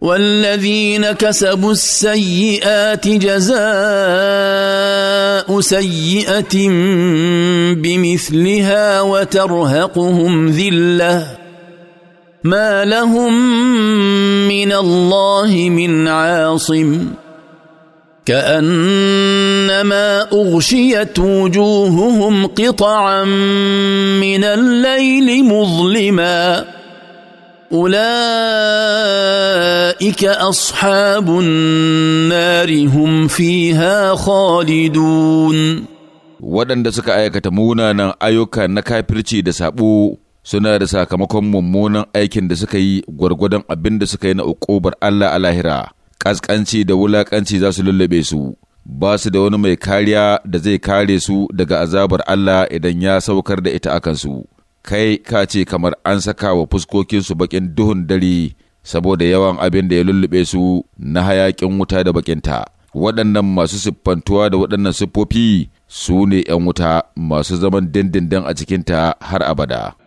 والذين كسبوا السيئات جزاء سيئه بمثلها وترهقهم ذله ما لهم من الله من عاصم كانما اغشيت وجوههم قطعا من الليل مظلما اولئك اصحاب النار هم فيها خالدون waɗanda suka aikata munanan ayyuka na kafirci da saɓo suna da sakamakon mummunan aikin da suka yi gwargwadon abin da suka yi na uƙobar Allah a lahira, ƙasƙanci da wulaƙanci za su lullube su, ba su da wani mai kariya da zai kare su daga azabar Allah idan ya saukar da ita akansu. kai ka ce kamar an saka wa fuskokinsu baƙin duhun dare saboda yawan abin da ya lullube su na hayakin wuta da baƙinta. Waɗannan masu siffantuwa da waɗannan siffofi su ne ‘yan wuta masu zaman dindindin a cikinta har abada.